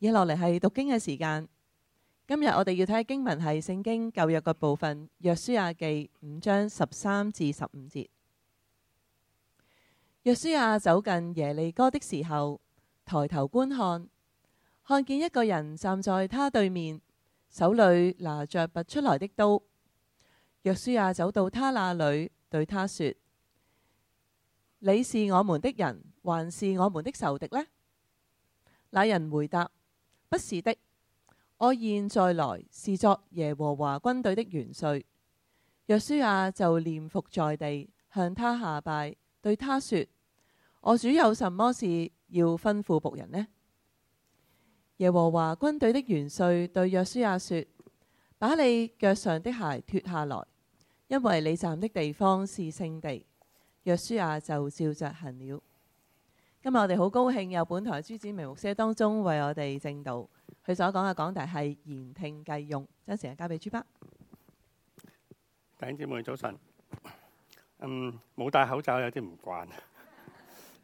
接落嚟係讀經嘅時間，今日我哋要睇嘅經文係聖經舊約嘅部分，約書亞記五章十三至十五節。約書亞走近耶利哥的時候，抬頭觀看，看見一個人站在他對面，手裏拿着拔出來的刀。約書亞走到他那裏，對他說：你是我們的人，還是我們的仇敵呢？那人回答。不是的，我現在來是作耶和華軍隊的元帥。約書亞就俯伏在地，向他下拜，對他說：我主有什麼事要吩咐僕人呢？耶和華軍隊的元帥對約書亞說：把你腳上的鞋脫下來，因為你站的地方是聖地。約書亞就照着行了。今日我哋好高興，由本台朱子明牧師當中為我哋正道，佢所講嘅講題係言聽計用，將時間交俾朱伯。弟兄姊妹早晨，嗯，冇戴口罩有啲唔慣，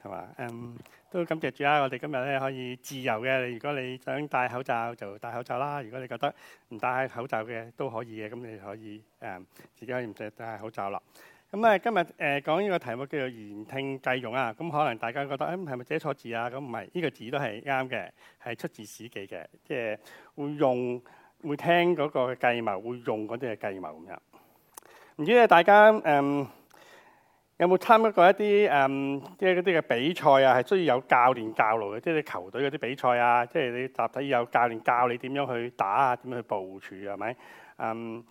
係嘛？嗯，都感謝主啊，我哋今日咧可以自由嘅，如果你想戴口罩就戴口罩啦，如果你覺得唔戴口罩嘅都可以嘅，咁你可以誒，自己可以唔使戴口罩啦。咁咧今日誒、呃、講呢個題目叫做言聽計用啊，咁可能大家覺得誒係咪寫錯字啊？咁唔係，呢個字都係啱嘅，係出自《史記》嘅，即係會用會聽嗰個計謀，會用嗰啲嘅計謀咁樣。唔知咧大家誒、嗯、有冇參加過一啲誒即係嗰啲嘅比賽啊？係需要有教練教路嘅，即係球隊嗰啲比賽啊，即係你集體有教練教你點樣去打啊，點樣去部署係咪？嗯。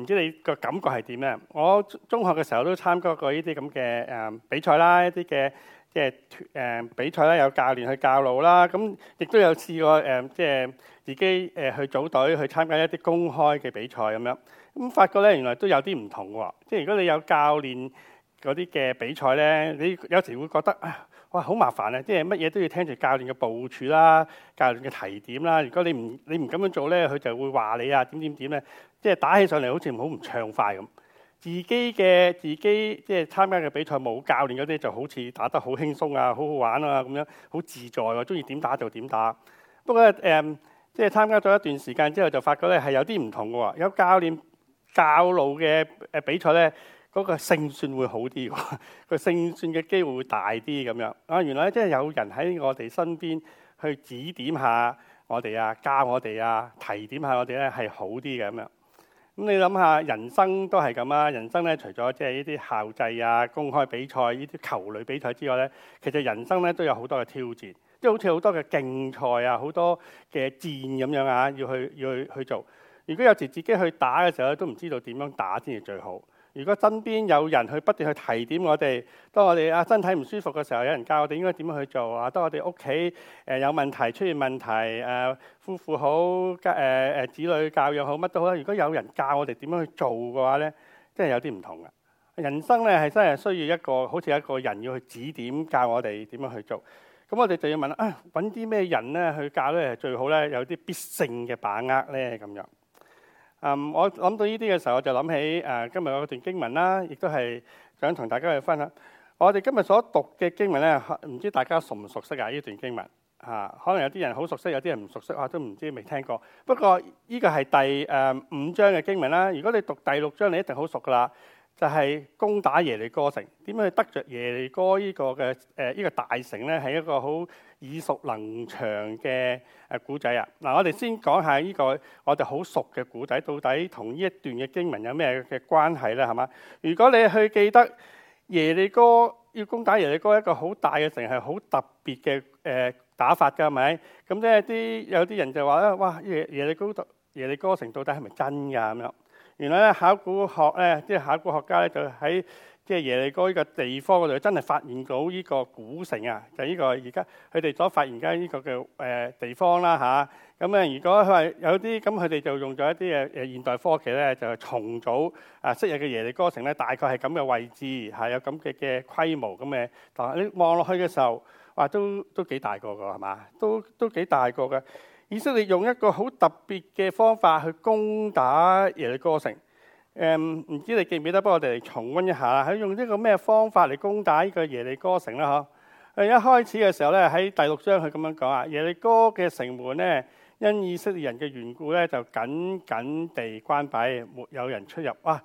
唔知你個感覺係點咧？我中學嘅時候都參加過呢啲咁嘅誒比賽啦，一啲嘅即係誒比賽啦，有教練去教路啦。咁亦都有試過誒，即係自己誒去組隊去參加一啲公開嘅比賽咁樣。咁發覺咧，原來都有啲唔同喎。即係如果你有教練嗰啲嘅比賽咧，你有時會覺得哇好麻煩啊！即係乜嘢都要聽住教練嘅部署啦、教練嘅提點啦。如果你唔你唔咁樣做咧，佢就會話你啊點點點咧。即係打起上嚟好似好唔暢快咁，自己嘅自己即係參加嘅比賽冇教練嗰啲，就好似打得好輕鬆啊，好好玩啊咁樣，好自在喎，中意點打就點打。不過誒，即係參加咗一段時間之後，就發覺咧係有啲唔同喎。有教練教路嘅誒比賽咧，嗰個勝算會好啲喎，個勝算嘅機會會大啲咁樣。啊，原來咧即係有人喺我哋身邊去指點下我哋啊，教我哋啊，提點下我哋咧係好啲嘅咁樣。咁你諗下，人生都係咁啊！人生咧，除咗即係呢啲校際啊、公開比賽、呢啲球類比賽之外咧，其實人生咧都有好多嘅挑戰，即係好似好多嘅競賽啊、好多嘅戰咁樣啊，要去要去去做。如果有時自己去打嘅時候都唔知道點樣打先至最好。如果身邊有人去不斷去提點我哋，當我哋啊身體唔舒服嘅時候，有人教我哋應該點樣去做啊；當我哋屋企誒有問題出現問題，誒夫婦好、家誒子女教育好乜都好，如果有人教我哋點樣去做嘅話咧，真係有啲唔同嘅。人生咧係真係需要一個好似一個人要去指點教我哋點樣去做。咁我哋就要問啊揾啲咩人咧去教咧最好咧？有啲必勝嘅把握咧咁樣。嗯，我諗到呢啲嘅時候，我就諗起誒今日有段經文啦，亦都係想同大家去分享。我哋今日所讀嘅經文咧，唔知大家熟唔熟悉啊？呢段經文嚇，可能有啲人好熟悉，有啲人唔熟悉，我都唔知未聽過。不過呢個係第誒五章嘅經文啦。如果你讀第六章，你一定好熟㗎喇。就係攻打耶利哥城，點樣去得着耶利哥呢個嘅誒呢個大城咧？係一個好耳熟能詳嘅誒古仔啊！嗱，我哋先講下呢個我哋好熟嘅古仔，到底同呢一段嘅經文有咩嘅關係咧？係嘛？如果你去記得耶利哥，要攻打耶利哥一個好大嘅城，係好特別嘅誒打法㗎，係咪？咁咧啲有啲人就話咧：哇！耶耶利哥耶利哥城到底係咪真㗎？咁樣。原來咧考古學咧，即係考古學家咧，就喺即係耶利哥依個地方嗰度，真係發現到依個古城啊！就依個而家佢哋所發現緊依個嘅誒地方啦嚇。咁啊，如果佢有啲咁，佢哋就用咗一啲誒誒現代科技咧，就係重組啊昔日嘅耶利哥城咧，大概係咁嘅位置係，有咁嘅嘅規模咁嘅。但係你望落去嘅時候，哇，都都幾大個㗎係嘛，都都幾大個嘅。以色列用一個好特別嘅方法去攻打耶利哥城。誒、嗯，唔知你記唔記得？幫我哋嚟重温一下，佢用呢個咩方法嚟攻打呢個耶利哥城啦？嗬。誒，一開始嘅時候咧，喺第六章佢咁樣講啊，耶利哥嘅城門咧，因以色列人嘅緣故咧，就緊緊地關閉，沒有人出入。哇！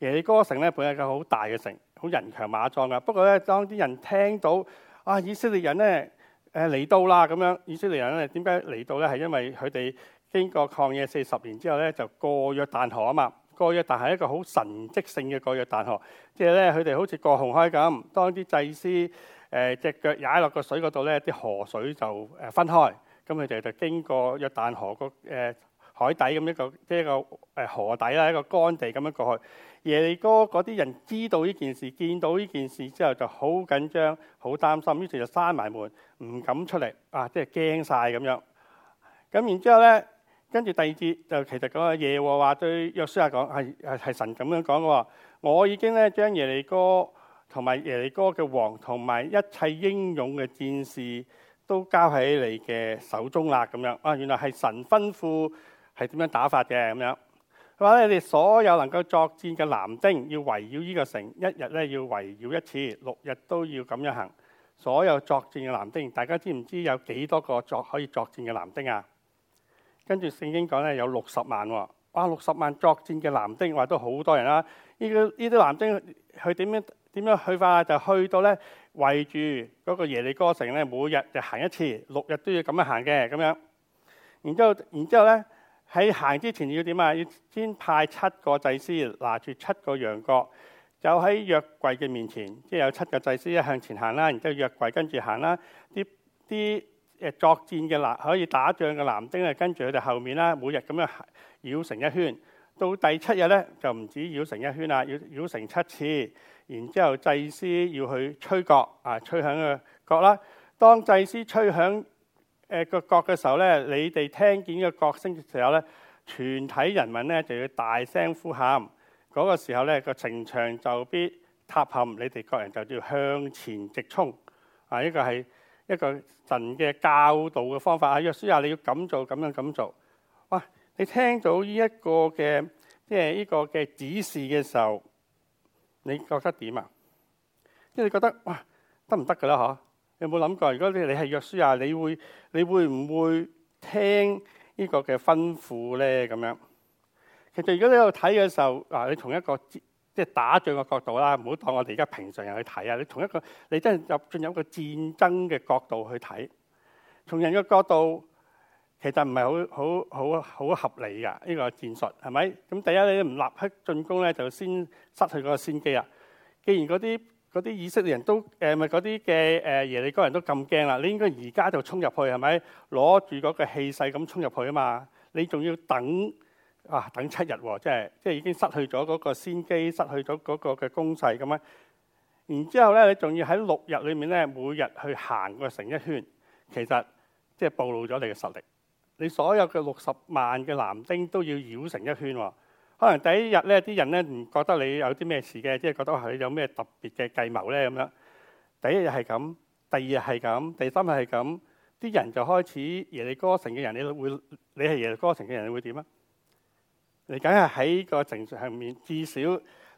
耶利哥城咧本係一個好大嘅城，好人強馬壯噶。不過咧，當啲人聽到啊，以色列人咧～誒，嚟到啦咁樣，以色列人咧點解嚟到咧？係因為佢哋經過曠野四十年之後咧，就過約旦河啊嘛。過約旦係一個好神蹟性嘅過約旦河，即係咧佢哋好似過紅海咁。當啲祭司誒隻腳踩落個水嗰度咧，啲河水就誒分開。咁佢哋就經過約旦河個誒、呃、海底咁一個即係一個誒河底啦，一個乾地咁樣過去。耶利哥嗰啲人知道呢件事，見到呢件事之後就好緊張、好擔心，於是就閂埋門，唔敢出嚟啊！即係驚晒。咁樣。咁然之後咧，跟住第二節就其實嗰個耶和華對約書亞講係係神咁樣講嘅，我已經咧將耶利哥同埋耶利哥嘅王同埋一切英勇嘅戰士都交喺你嘅手中啦。咁樣啊，原來係神吩咐係點樣打法嘅咁樣。佢話：咧，你哋所有能夠作戰嘅男丁，要圍繞呢個城，一日咧要圍繞一次，六日都要咁樣行。所有作戰嘅男丁，大家知唔知有幾多個作可以作戰嘅男丁啊？跟住聖經講咧，有六十萬喎。哇，六十萬作戰嘅男丁，話都好多人啦，啊。呢、呢個呢啲男丁，去點樣點樣去法呢？就去到咧圍住嗰個耶利哥城咧，每日就行一次，六日都要咁樣行嘅，咁樣。然之後，然之後咧。喺行之前要點啊？要先派七個祭司拿住七個羊角，就喺約櫃嘅面前，即係有七個祭司一向前行啦，然之後約櫃跟住行啦。啲啲誒作戰嘅啦可以打仗嘅藍丁啊，跟住佢哋後面啦，每日咁樣繞成一圈。到第七日咧，就唔止繞成一圈啦，要繞成七次。然之後祭司要去吹角啊，吹響個角啦。當祭司吹響誒個角嘅時候咧，你哋聽見個角聲嘅時候咧，全體人民咧就要大聲呼喊。嗰、那個時候咧，個城牆就必塌陷。你哋各人就要向前直衝。啊，呢、這個係一個神嘅教導嘅方法。啊，約書亞你要咁做，咁樣咁做。哇，你聽到呢一個嘅即係呢個嘅指示嘅時候，你覺得點啊？即係你覺得哇，得唔得㗎啦？嗬？有冇諗過？如果你你係約書亞，你會你會唔會聽呢個嘅吩咐咧？咁樣，其實如果你喺度睇嘅時候，嗱、啊，你同一個即係打仗嘅角度啦，唔好當我哋而家平常人去睇啊！你同一個你真係入進入一個戰爭嘅角度去睇，從人嘅角度，其實唔係好好好好合理噶呢個戰術係咪？咁第一你唔立刻進攻咧，就先失去嗰個先機啊！既然嗰啲嗰啲以色列人都誒，咪嗰啲嘅誒耶利哥人都咁驚啦！你應該而家就衝入去係咪？攞住嗰個氣勢咁衝入去啊嘛！你仲要等啊？等七日喎，即係即係已經失去咗嗰個先機，失去咗嗰個嘅攻勢咁樣。然之後咧，你仲要喺六日裏面咧，每日去行個成一圈，其實即係暴露咗你嘅實力。你所有嘅六十萬嘅藍丁都要繞成一圈喎。可能第一日咧，啲人咧唔覺得你有啲咩事嘅，即係覺得係你有咩特別嘅計謀咧咁樣。第一日係咁，第二日係咁，第三日係咁，啲人就開始耶利哥城嘅人，你會你係耶利哥城嘅人，你會點啊？你梗係喺個情緒上面，至少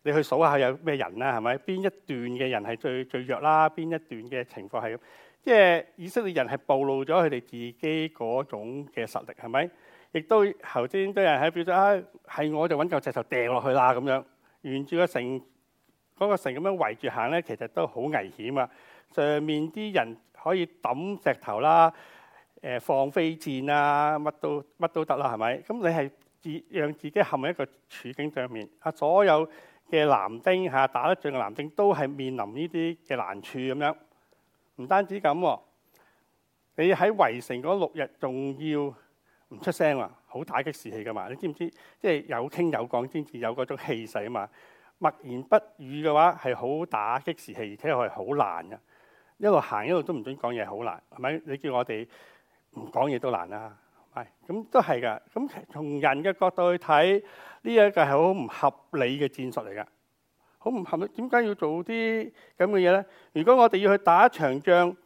你去數下有咩人啦，係咪？邊一段嘅人係最最弱啦？邊一段嘅情況係咁？即係以色列人係暴露咗佢哋自己嗰種嘅實力，係咪？亦都頭先都有人喺表咗啊，係我就揾嚿石頭掟落去啦，咁樣，沿住個城嗰、嗰個城咁樣圍住行咧，其實都好危險啊！上面啲人可以抌石頭啦，誒、呃、放飛箭啊，乜都乜都得啦，係咪？咁你係自讓自己陷入一個處境上面，啊所有嘅男丁嚇打得仗嘅男丁都係面臨呢啲嘅難處咁樣，唔單止咁喎，你喺圍城嗰六日仲要。唔出聲話，好打擊士氣噶嘛？你知唔知？即係有傾有講，先至有嗰種氣勢啊嘛。默言不語嘅話，係好打擊士氣，而且係好難噶。一路行一路都唔准講嘢，好難係咪？你叫我哋唔講嘢都難啦，係咁都係噶。咁從人嘅角度去睇，呢一個係好唔合理嘅戰術嚟噶，好唔合理？點解要做啲咁嘅嘢咧？如果我哋要去打一場仗，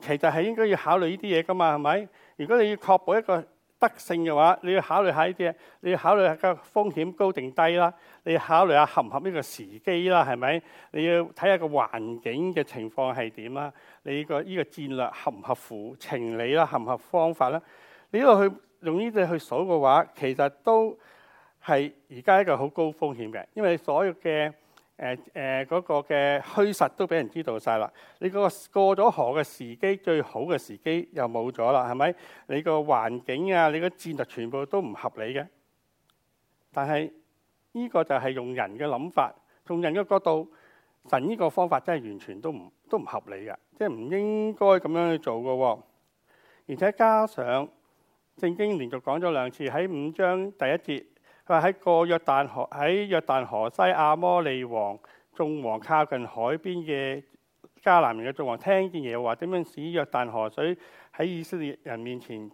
其實係應該要考慮呢啲嘢噶嘛，係咪？如果你要確保一個。德性嘅話，你要考慮下呢啲咧，你要考慮下個風險高定低啦，你要考慮下合唔合呢個時機啦，係咪？你要睇下個環境嘅情況係點啦，你個呢個戰略合唔合乎情理啦，合唔合方法啦？你呢度去用呢啲去數嘅話，其實都係而家一個好高風險嘅，因為所有嘅。誒誒嗰個嘅虛實都俾人知道晒啦！你嗰個過咗河嘅時機，最好嘅時機又冇咗啦，係咪？你個環境啊，你個戰略全部都唔合理嘅。但係呢個就係用人嘅諗法，從人嘅角度，神呢個方法真係完全都唔都唔合理嘅，即係唔應該咁樣去做嘅哦。而且加上正經連續講咗兩次喺五章第一節。佢喺個約旦河，喺約旦河西阿摩利王眾王，靠近海邊嘅迦南人嘅眾王，聽見嘢話點樣使約旦河水喺以色列人面前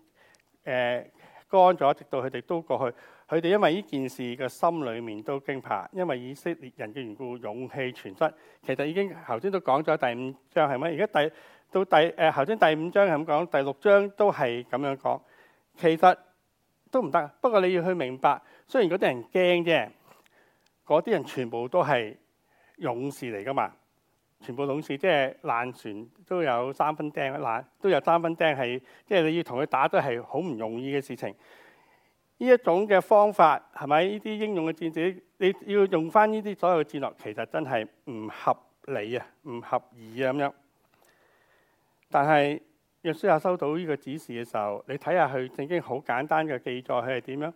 誒乾咗，直到佢哋都過去。佢哋因為呢件事嘅心裏面都驚怕，因為以色列人嘅緣故，勇氣全失。其實已經頭先都講咗，第五章係咩，而家第到第誒頭先第五章係咁講，第六章都係咁樣講。其實。都唔得，不過你要去明白，雖然嗰啲人驚啫，嗰啲人全部都係勇士嚟噶嘛，全部勇士即係爛船都有三分釘，爛都有三分釘係，即係你要同佢打都係好唔容易嘅事情。呢一種嘅方法係咪？呢啲英勇嘅戰士，你要用翻呢啲所有戰略，其實真係唔合理啊，唔合意啊咁樣。但係。約書亞收到呢個指示嘅時候，你睇下佢正經好簡單嘅記載，佢係點樣？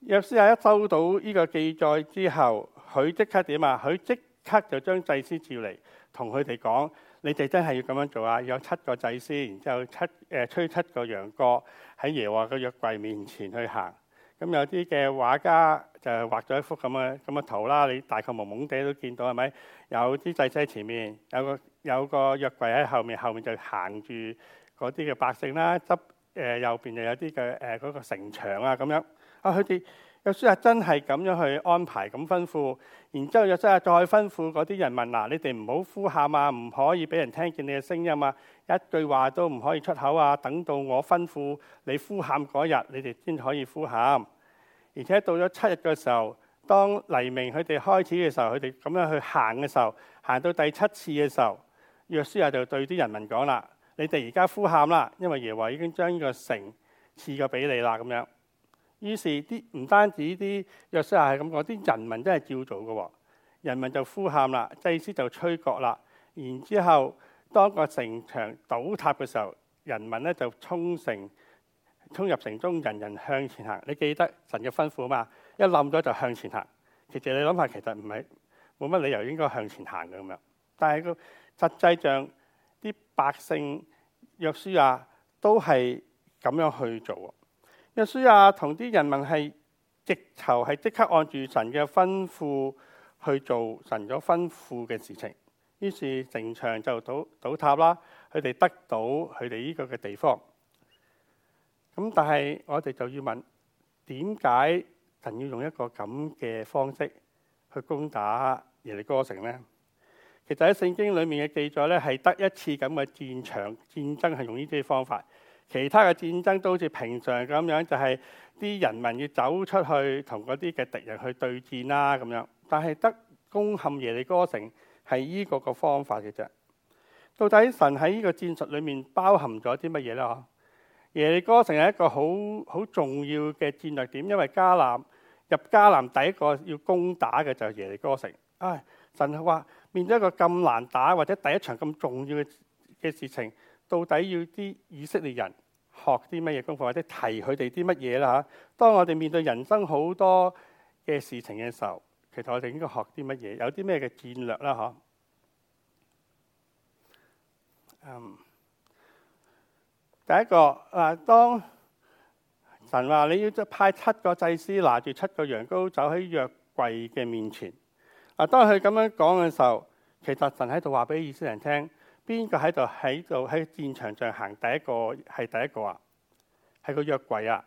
約書亞一收到呢個記載之後，佢即刻點啊？佢即刻就將祭司召嚟，同佢哋講：你哋真係要咁樣做啊！有七個祭司，然之後七誒、呃、吹七個羊角喺耶和華嘅約櫃面前去行。咁有啲嘅畫家。就係畫咗一幅咁嘅咁嘅圖啦，你大概朦朦地都見到係咪？有啲祭司前面有個有個約櫃喺後面，後面就行住嗰啲嘅百姓啦，執誒右邊就有啲嘅誒嗰個城牆啊咁樣。啊，佢哋約書亞真係咁樣去安排咁吩咐，然之後約書亞再吩咐嗰啲人民，嗱，你哋唔好呼喊啊，唔可以俾人聽見你嘅聲音啊，一句話都唔可以出口啊，等到我吩咐你呼喊嗰日，你哋先可以呼喊。而且到咗七日嘅時候，當黎明佢哋開始嘅時候，佢哋咁樣去行嘅時候，行到第七次嘅時候，約書亞就對啲人民講啦：「你哋而家呼喊啦，因為耶和華已經將呢個城賜咗俾你啦。咁樣，於是啲唔單止啲約書亞係咁講，啲人民真係照做嘅。人民就呼喊啦，祭司就吹角啦，然之後當個城牆倒塌嘅時候，人民咧就衝城。衝入城中，人人向前行。你記得神嘅吩咐嘛？一冧咗就向前行。其實你諗下，其實唔係冇乜理由應該向前行嘅咁樣。但係個實際上啲百姓約書亞、啊、都係咁樣去做。約書亞同啲人民係直頭係即刻按住神嘅吩咐去做神所吩咐嘅事情。於是城牆就倒倒塌啦。佢哋得到佢哋呢個嘅地方。咁但係我哋就要問，點解神要用一個咁嘅方式去攻打耶利哥城呢？其實喺聖經裏面嘅記載咧，係得一次咁嘅戰場戰爭係用呢啲方法，其他嘅戰爭都好似平常咁樣，就係、是、啲人民要走出去同嗰啲嘅敵人去對戰啦。咁樣。但係得攻陷耶利哥城係呢個嘅方法嘅啫。到底神喺呢個戰術裏面包含咗啲乜嘢咧？耶利哥城係一個好好重要嘅戰略點，因為迦南入迦南第一個要攻打嘅就係耶利哥城、哎。啊，神係話面對一個咁難打或者第一場咁重要嘅嘅事情，到底要啲以色列人學啲乜嘢功課，或者提佢哋啲乜嘢啦？吓，當我哋面對人生好多嘅事情嘅時候，其實我哋應該學啲乜嘢？有啲咩嘅戰略啦？嗬、嗯。第一個嗱，當神話你要派七個祭司拿住七個羊羔，走喺約櫃嘅面前。嗱，當佢咁樣講嘅時候，其實神喺度話俾以色列人聽：邊個喺度喺度喺戰場上行？第一個係第一個啊，係個約櫃啊，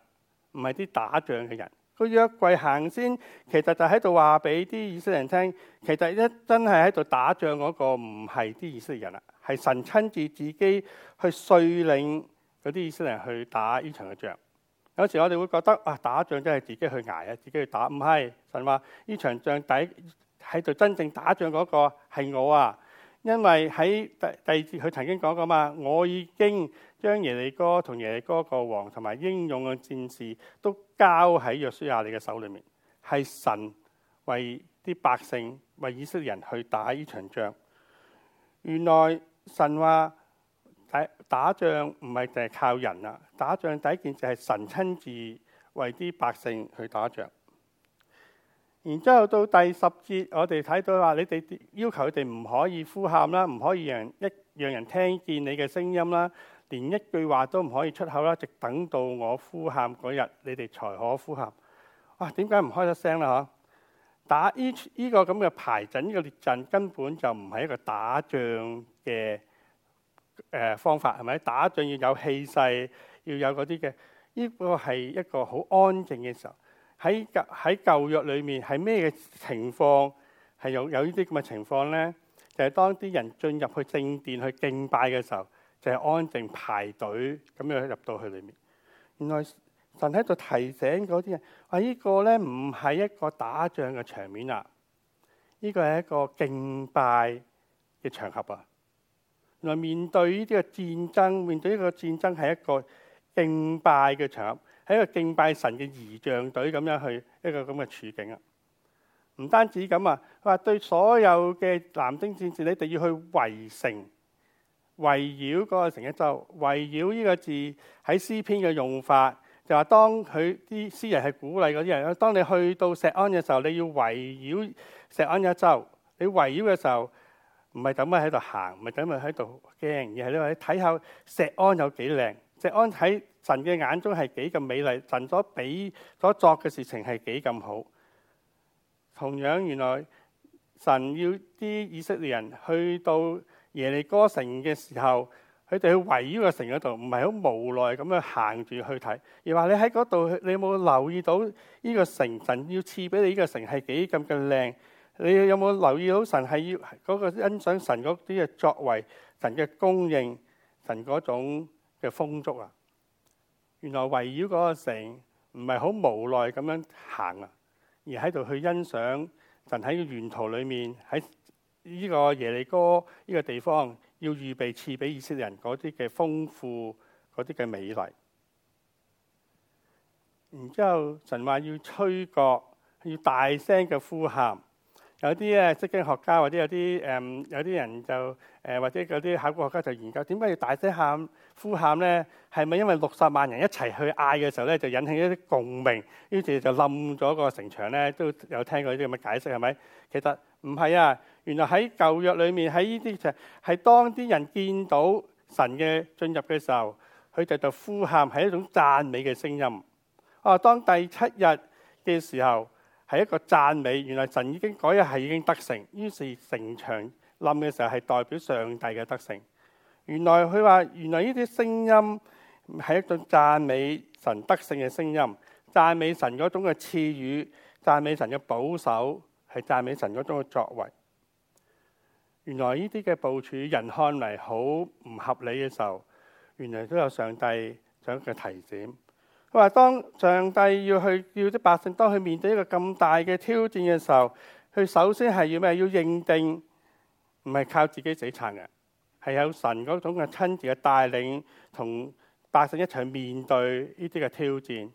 唔係啲打仗嘅人。個約櫃行先，其實就喺度話俾啲以色列人聽。其實一真係喺度打仗嗰個唔係啲以色列人啊，係神親自自己去率領。有啲以色列人去打呢場嘅仗。有時我哋會覺得啊，打仗真係自己去挨啊，自己去打。唔係，神話呢場仗底喺度真正打仗嗰個係我啊，因為喺第第二節佢曾經講過嘛，我已經將耶利哥同耶利哥個王同埋英勇嘅戰士都交喺約書亞你嘅手裏面，係神為啲百姓為以色列人去打呢場仗。原來神話。打仗唔係淨係靠人啊！打仗第一件就係神親自為啲百姓去打仗。然之後到第十節，我哋睇到話你哋要求佢哋唔可以呼喊啦，唔可以讓一讓人聽見你嘅聲音啦，連一句話都唔可以出口啦，直等到我呼喊嗰日，你哋才可呼喊。哇、啊！點解唔開得聲啦？嗬？打呢呢個咁嘅排陣嘅、呢個、列陣根本就唔係一個打仗嘅。誒、呃、方法係咪打仗要有氣勢，要有嗰啲嘅？呢、這個係一個好安靜嘅時候。喺舊喺舊約裏面係咩嘅情況？係有有呢啲咁嘅情況咧？就係、是、當啲人進入去正殿去敬拜嘅時候，就係、是、安靜排隊咁樣入到去裡面。原來神喺度提醒嗰啲人，話呢個咧唔係一個打仗嘅場面啊！呢、這個係一個敬拜嘅場合啊！面對呢啲嘅戰爭，面對呢個戰爭係一個敬拜嘅場合，係一個敬拜神嘅儀仗隊咁樣去一個咁嘅處境啊！唔單止咁啊，佢話對所有嘅藍丁戰士，你哋要去圍城，圍繞個城一周，圍繞呢個字喺詩篇嘅用法，就話當佢啲詩人係鼓勵嗰啲人，當你去到石安嘅時候，你要圍繞石安一週，你圍繞嘅時候。唔係等佢喺度行，唔係等佢喺度驚，而係你話你睇下石安有幾靚，石安喺神嘅眼中係幾咁美麗，神所俾所作嘅事情係幾咁好。同樣，原來神要啲以色列人去到耶利哥城嘅時候，佢哋去圍喺個城嗰度，唔係好無奈咁樣行住去睇，而話你喺嗰度，你有冇留意到呢個城？神要賜俾你呢個城係幾咁嘅靚？你有冇留意到神係要嗰個欣賞神嗰啲嘅作為，神嘅供應，神嗰種嘅豐足啊？原來圍繞嗰個城唔係好無奈咁樣行啊，而喺度去欣賞神喺個沿途裏面喺呢個耶利哥呢個地方要預備賜俾以色列人嗰啲嘅豐富嗰啲嘅美麗，然之後神話要吹角，要大聲嘅呼喊。有啲啊，釋經學家或者有啲誒，有啲人就誒，或者有啲、嗯、考古學家就研究點解要大聲喊呼喊咧？係咪因為六十萬人一齊去嗌嘅時候咧，就引起一啲共鳴，於是就冧咗個城牆咧？都有聽過呢啲咁嘅解釋係咪？其實唔係啊，原來喺舊約裏面喺呢啲就係當啲人見到神嘅進入嘅時候，佢哋就呼喊係一種讚美嘅聲音。啊，當第七日嘅時候。係一個讚美，原來神已經嗰日係已經得勝，於是城牆冧嘅時候係代表上帝嘅得勝。原來佢話，原來呢啲聲音係一種讚美神得勝嘅聲音，讚美神嗰種嘅賜予，讚美神嘅保守，係讚美神嗰種嘅作為。原來呢啲嘅部署，人看嚟好唔合理嘅時候，原來都有上帝做一個提點。我話：當上帝要去要啲百姓，當佢面對一個咁大嘅挑戰嘅時候，佢首先係要咩？要認定唔係靠自己死撐嘅，係有神嗰種嘅親自嘅帶領，同百姓一齊面對呢啲嘅挑戰。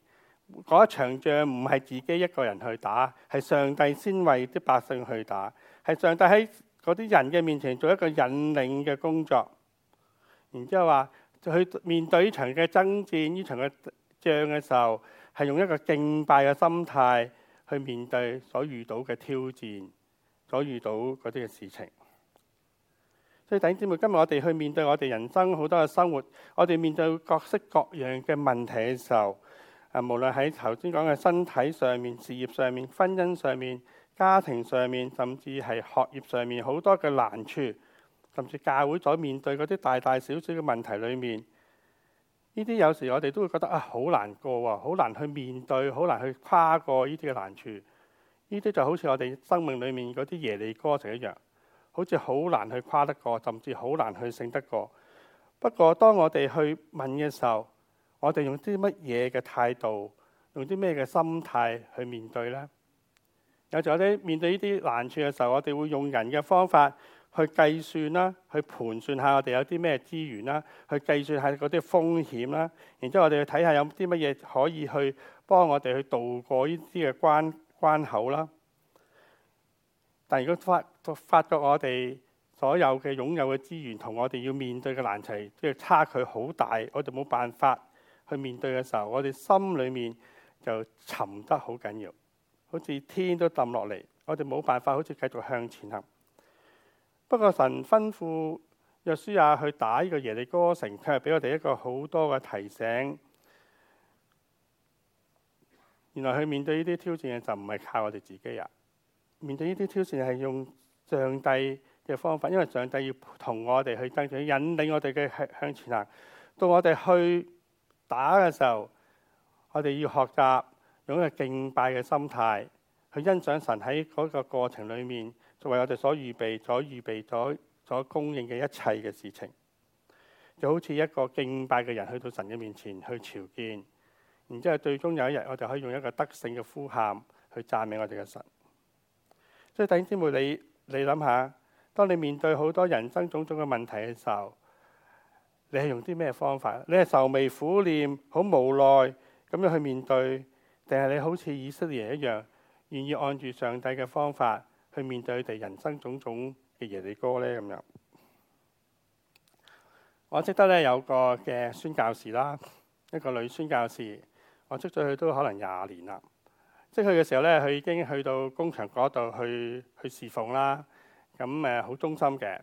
嗰場仗唔係自己一個人去打，係上帝先為啲百姓去打。係上帝喺嗰啲人嘅面前做一個引領嘅工作，然之後話就去面對呢場嘅爭戰，呢場嘅。這樣嘅時候，係用一個敬拜嘅心態去面對所遇到嘅挑戰，所遇到嗰啲嘅事情。所以弟兄姊妹今日我哋去面對我哋人生好多嘅生活，我哋面對各式各樣嘅問題嘅時候，啊，無論喺頭先講嘅身體上面、事業上面、婚姻上面、家庭上面，甚至係學業上面，好多嘅難處，甚至教會所面對嗰啲大大小小嘅問題裏面。呢啲有時我哋都會覺得啊，好難過喎，好難去面對，好難去跨過呢啲嘅難處。呢啲就好似我哋生命裡面嗰啲耶利哥城一樣，好似好難去跨得過，甚至好難去勝得過。不過當我哋去問嘅時候，我哋用啲乜嘢嘅態度，用啲咩嘅心態去面對呢？有時候呢，面對呢啲難處嘅時候，我哋會用人嘅方法。去計算啦，去盤算下我哋有啲咩資源啦，去計算下嗰啲風險啦，然之後我哋去睇下有啲乜嘢可以去幫我哋去度過呢啲嘅關關口啦。但如果發發覺我哋所有嘅擁有嘅資源同我哋要面對嘅難題，即係差距好大，我哋冇辦法去面對嘅時候，我哋心裏面就沉得好緊要，好似天都冧落嚟，我哋冇辦法好似繼續向前行。不過神吩咐約書亞去打呢個耶利哥城，佢係俾我哋一個好多嘅提醒。原來去面對呢啲挑戰嘅就唔係靠我哋自己啊！面對呢啲挑戰係用上帝嘅方法，因為上帝要同我哋去爭取、引領我哋嘅向前行。到我哋去打嘅時候，我哋要學習用一個敬拜嘅心態去欣賞神喺嗰個過程裏面。作為我哋所預備、所預備、咗、所供應嘅一切嘅事情，就好似一個敬拜嘅人去到神嘅面前去朝見，然之後最終有一日我哋可以用一個得勝嘅呼喊去讚美我哋嘅神。所以弟兄姊妹，你你諗下，當你面對好多人生種種嘅問題嘅時候，你係用啲咩方法？你係愁眉苦臉、好無奈咁樣去面對，定係你好似以色列人一樣，願意按住上帝嘅方法？去面對佢哋人生種種嘅嘢，你哥呢。咁樣，我識得呢，有個嘅宣教士啦，一個女宣教士，我識咗佢都可能廿年啦。識佢嘅時候呢，佢已經去到工場嗰度去去侍奉啦，咁誒好忠心嘅。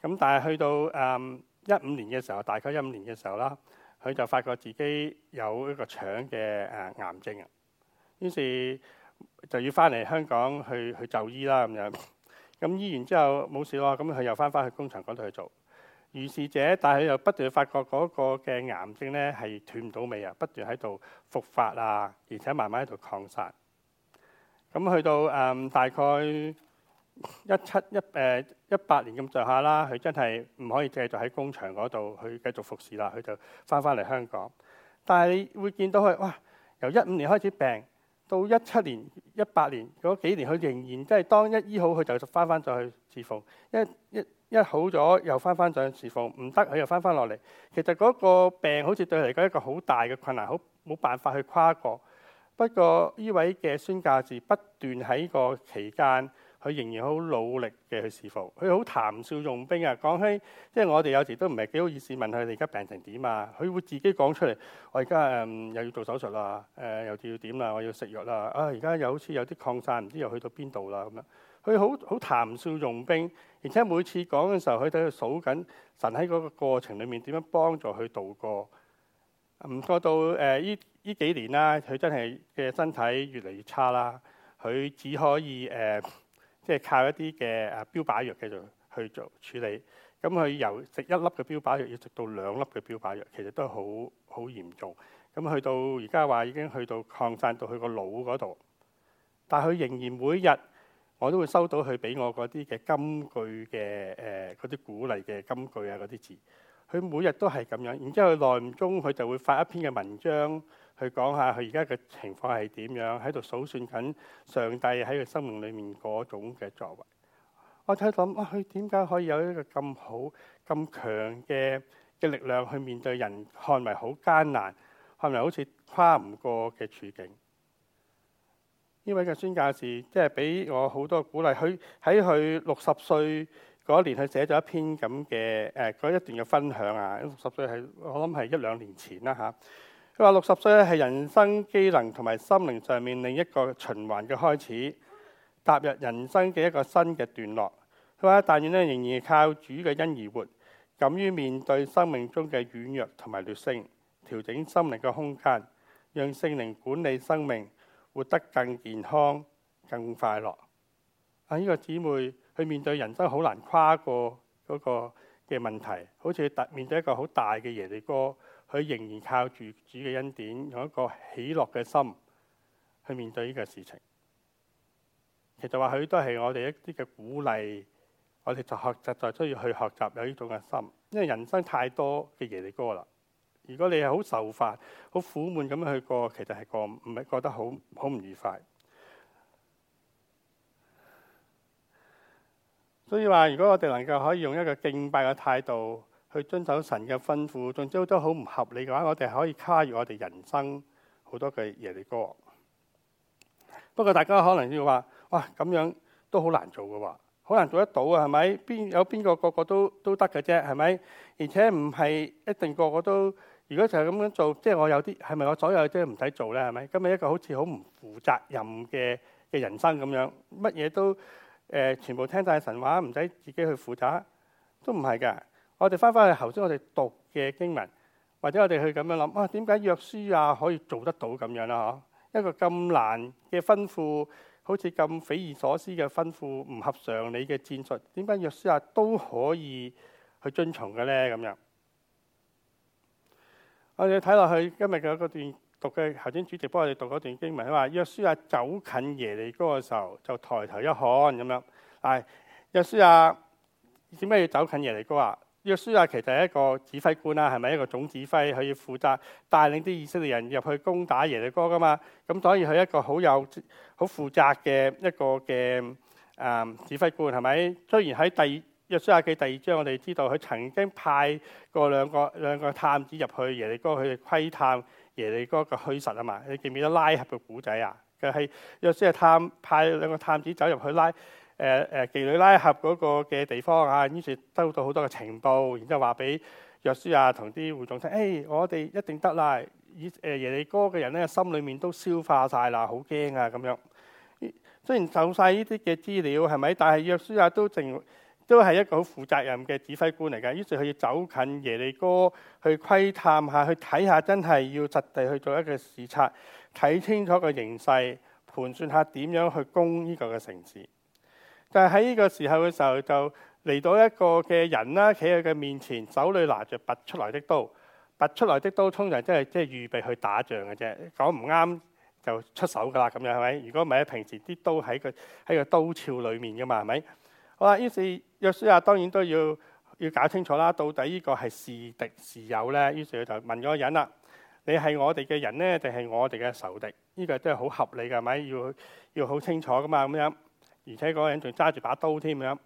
咁但係去到誒一五年嘅時候，大概一五年嘅時候啦，佢就發覺自己有一個腸嘅誒癌症啊，於是，就要翻嚟香港去去就醫啦，咁樣，咁醫完之後冇事咯，咁佢又翻翻去工場嗰度去做。於是者，但係佢又不斷發覺嗰個嘅癌症咧，係斷唔到尾啊，不斷喺度復發啊，而且慢慢喺度擴散。咁去到誒、嗯、大概一七一誒一八年咁上下啦，佢真係唔可以繼續喺工場嗰度去繼續服侍啦，佢就翻翻嚟香港。但係你會見到佢哇，由一五年開始病。到一七年、一八年嗰幾年，佢仍然即係當一醫好，佢就翻翻再去自服；一一一好咗，佢又翻翻再去治服，唔得佢又翻翻落嚟。其實嗰個病好似對佢嚟講一個好大嘅困難，好冇辦法去跨過。不過呢位嘅孫教士不斷喺個期間。佢仍然好努力嘅去侍奉，佢好談笑用兵啊。講起即係我哋有時都唔係幾好意思問佢哋而家病情點啊？佢會自己講出嚟。我而家誒又要做手術啦，誒、呃、又要點啦，我要食藥啦。啊，而家又好似有啲擴散，唔知又去到邊度啦咁樣。佢好好談笑用兵，而且每次講嘅時候，佢都係數緊神喺嗰個過程裡面點樣幫助佢度過。唔過到誒呢呢幾年啦，佢真係嘅身體越嚟越差啦。佢只可以誒。呃即係靠一啲嘅誒標靶藥繼續去做處理，咁佢由食一粒嘅標靶藥，要食到兩粒嘅標靶藥，其實都係好好嚴重。咁去到而家話已經去到擴散到佢個腦嗰度，但係佢仍然每日我都會收到佢俾我嗰啲嘅金句嘅誒嗰啲鼓勵嘅金句啊嗰啲字，佢每日都係咁樣，然之後耐唔中佢就會發一篇嘅文章。去講下佢而家嘅情況係點樣，喺度數算緊上帝喺佢生命裏面嗰種嘅作為。我喺度諗，佢點解可以有一個咁好、咁強嘅嘅力量去面對人看嚟好艱難、看嚟好似跨唔過嘅處境？呢位嘅宣教士，即係俾我好多鼓勵。佢喺佢六十歲嗰年，佢寫咗一篇咁嘅誒嗰一段嘅分享啊。六十歲係我諗係一兩年前啦、啊、嚇。佢話六十歲咧係人生機能同埋心靈上面另一個循環嘅開始，踏入人生嘅一個新嘅段落。佢話但願咧仍然靠主嘅恩而活，敢於面對生命中嘅軟弱同埋劣性，調整心靈嘅空間，讓聖靈管理生命，活得更健康、更快樂。啊、這個！呢個姊妹去面對人生好難跨過嗰個嘅問題，好似面對一個好大嘅耶利哥。佢仍然靠住主嘅恩典，用一個喜樂嘅心去面對呢個事情。其實話佢都係我哋一啲嘅鼓勵，我哋就學習就需要去學習有呢種嘅心，因為人生太多嘅耶利哥啦。如果你係好受罰、好苦悶咁樣去過，其實係過唔係覺得好好唔愉快。所以話，如果我哋能夠可以用一個敬拜嘅態度。去遵守神嘅吩咐，總之都好唔合理嘅話，我哋可以跨越我哋人生好多嘅嘢嚟過。不過大家可能要話哇，咁樣都好難做嘅喎，好難做得到啊，係咪？邊有邊個個個都都得嘅啫，係咪？而且唔係一定個個都。如果就係咁樣做，即係我有啲係咪？我所有即係唔使做咧，係咪？咁咪一個好似好唔負責任嘅嘅人生咁樣，乜嘢都誒全部聽晒神話，唔使自己去負責，都唔係㗎。我哋返返去頭先我哋讀嘅經文，或者我哋去咁樣諗啊，點解約書亞、啊、可以做得到咁樣啦？嗬，一個咁難嘅吩咐，好似咁匪夷所思嘅吩咐，唔合常理嘅戰術，點解約書亞、啊、都可以去遵從嘅咧？咁樣，我哋睇落去今日嘅一段讀嘅頭先，主席幫我哋讀嗰段經文，佢話約書亞、啊、走近耶利哥嘅時候，就抬頭一看咁樣。啊，約書亞點解要走近耶利哥啊？約書亞其就係一個指揮官啦，係咪一個總指揮？佢要負責帶領啲以色列人入去攻打耶利哥㗎嘛？咁所以佢一個好有、好負責嘅一個嘅誒、嗯、指揮官，係咪？雖然喺第約書亞記第二章，我哋知道佢曾經派過兩個兩個探子入去耶利哥，佢哋窺探耶利哥嘅虛實啊嘛。你記唔記得拉合嘅古仔啊？佢係約書亞探派兩個探子走入去拉。誒誒，妓女、呃、拉合嗰個嘅地方啊，於是收到好多嘅情報，然之後話俾約書亞同啲會眾聽。誒、哎，我哋一定得啦！以誒、呃、耶利哥嘅人咧，心裏面都消化晒啦，好驚啊！咁樣雖然受晒呢啲嘅資料係咪，但係約書亞、啊、都淨都係一個好負責任嘅指揮官嚟㗎。於是佢要走近耶利哥去窺探下，去睇下，真係要實地去做一個視察，睇清楚個形勢，盤算下點樣去攻呢個嘅城市。但係喺呢個時候嘅時候，就嚟到一個嘅人啦，企喺佢面前，手裏拿着拔出來的刀，拔出來的刀通常即係即係預備去打仗嘅啫。講唔啱就出手噶啦，咁樣係咪？如果唔係平時啲刀喺個喺個刀鞘裏面嘅嘛，係咪？好啦，於是約書亞當然都要要搞清楚啦，到底呢個係是敵是友咧？於是佢就問嗰個人啦：你係我哋嘅人呢？定係我哋嘅仇敵？呢個都係好合理嘅，係咪？要要好清楚嘅嘛，咁樣。而且嗰個人仲揸住把刀添，咁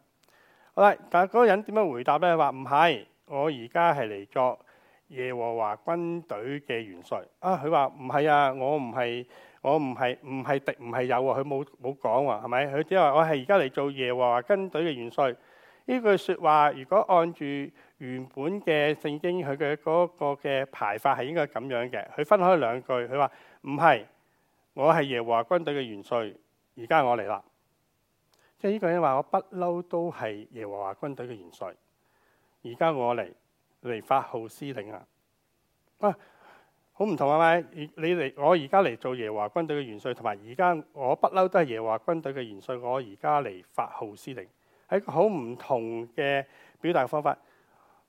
好啦。但係嗰個人點樣回答咧？話唔係我而家係嚟作耶和華軍隊嘅元帥啊！佢話唔係啊，我唔係我唔係唔係敵唔係有啊！佢冇冇講喎，係咪？佢只係話我係而家嚟做耶和華軍隊嘅元帥。呢句説話如果按住原本嘅聖經，佢嘅嗰個嘅排法係應該咁樣嘅。佢分開兩句，佢話唔係，我係耶和華軍隊嘅元帥，而家我嚟啦。呢個人話，我不嬲都係耶和華軍隊嘅元帥。而家我嚟嚟發號施令啊！哇，好唔同係咪？你嚟我而家嚟做耶和華軍隊嘅元帥，同埋而家我不嬲都係耶和華軍隊嘅元帥。我而家嚟發號施令，係一個好唔同嘅表達方法。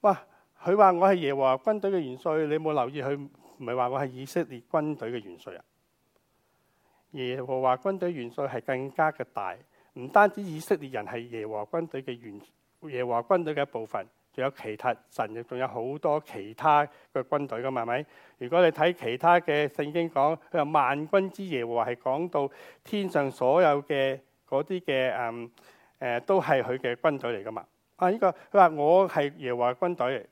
哇！佢話我係耶和華軍隊嘅元帥，你有冇留意佢唔係話我係以色列軍隊嘅元帥啊？耶和華軍隊元帥係更加嘅大。唔單止以色列人係耶和華軍隊嘅原耶和華軍隊嘅一部分，仲有其他神，仲有好多其他嘅軍隊㗎嘛。係咪？如果你睇其他嘅聖經講，佢話萬軍之耶和華係講到天上所有嘅嗰啲嘅誒誒，都係佢嘅軍隊嚟噶嘛？啊，呢、呢個佢話我係耶和華軍隊，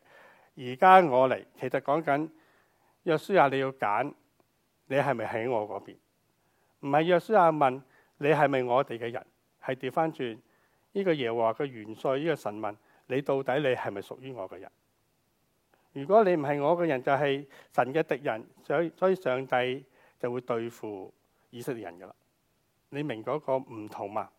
而家我嚟，其實講緊約書亞你要揀，你係咪喺我嗰邊？唔係約書亞問你係咪我哋嘅人？係掉翻轉，呢、這個耶和華嘅元帥，呢、這個神問你到底你係咪屬於我嘅人？如果你唔係我嘅人，就係、是、神嘅敵人，所以上帝就會對付以色列人㗎喇。你明嗰個唔同嘛？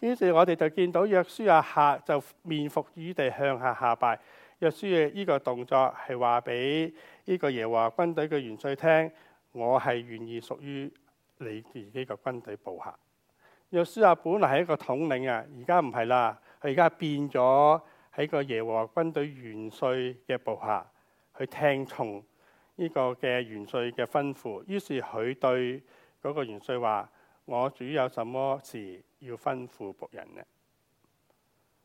於是我哋就見到約書亞下就面伏於地向下下拜。約書亞呢個動作係話俾呢個耶和華軍隊嘅元帥聽，我係願意屬於你自己嘅軍隊部下。約書亞本嚟係一個統領啊，而家唔係啦。佢而家變咗係個耶和華軍隊元帥嘅部下，去聽從呢個嘅元帥嘅吩咐。於是佢對嗰個元帥話：我主有什麼事要吩咐僕人呢？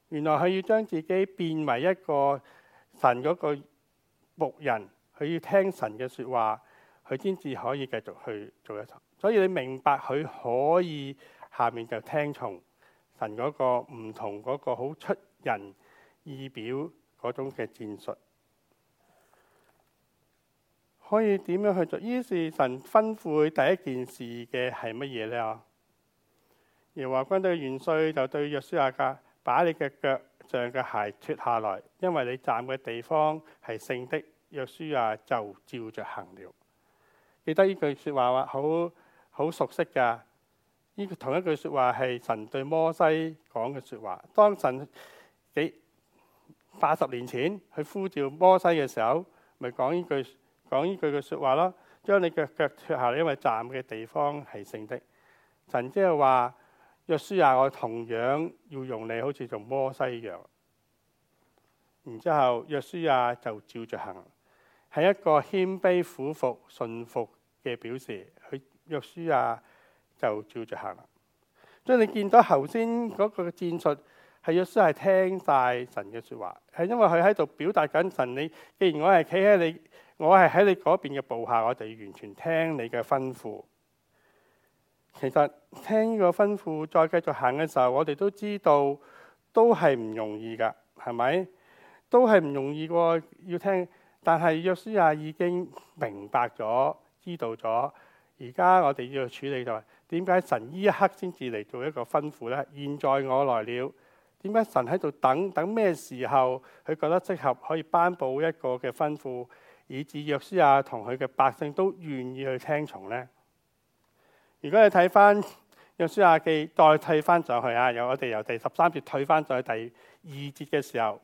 原來佢要將自己變為一個神嗰個僕人，佢要聽神嘅説話，佢先至可以繼續去做一集。所以你明白佢可以。下面就聽從神嗰個唔同嗰個好出人意表嗰種嘅戰術，可以點樣去做？於是神吩咐第一件事嘅係乜嘢咧？耶和華軍隊元帥就對約書亞講，把你嘅腳上嘅鞋脱下來，因為你站嘅地方係聖的。約書亞就照着行了。記得呢句説話話好好熟悉噶。呢同一句說話係神對摩西講嘅說話。當神幾八十年前去呼召摩西嘅時候，咪講呢句，講呢句嘅說話咯。將你腳，腳脫下，你因為站嘅地方係聖的。神即係話：約書亞，我同樣要用你好似做摩西一樣。然之後，約書亞就照着行，係一個謙卑、俯伏、順服嘅表示。佢約書亞。就照着着行啦。所以你見到頭先嗰個戰術，係約書亞聽晒神嘅說話，係因為佢喺度表達緊神。你既然我係企喺你，我係喺你嗰邊嘅部下，我哋完全聽你嘅吩咐。其實聽呢個吩咐，再繼續行嘅時候，我哋都知道都係唔容易噶係咪？都係唔容易過要聽。但係約書亞已經明白咗，知道咗。而家我哋要處理就係、是。點解神呢一刻先至嚟做一個吩咐呢？現在我來了。點解神喺度等等咩時候？佢覺得適合可以頒布一個嘅吩咐，以致約書亞同佢嘅百姓都願意去聽從呢？如果你睇翻約書亞記代替翻上去啊，由我哋由第十三節退翻在第二節嘅時候，